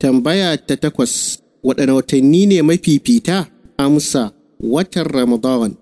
Tambaya ta takwas waɗanne watanni ne mafifita? Amsa watan Ramadan.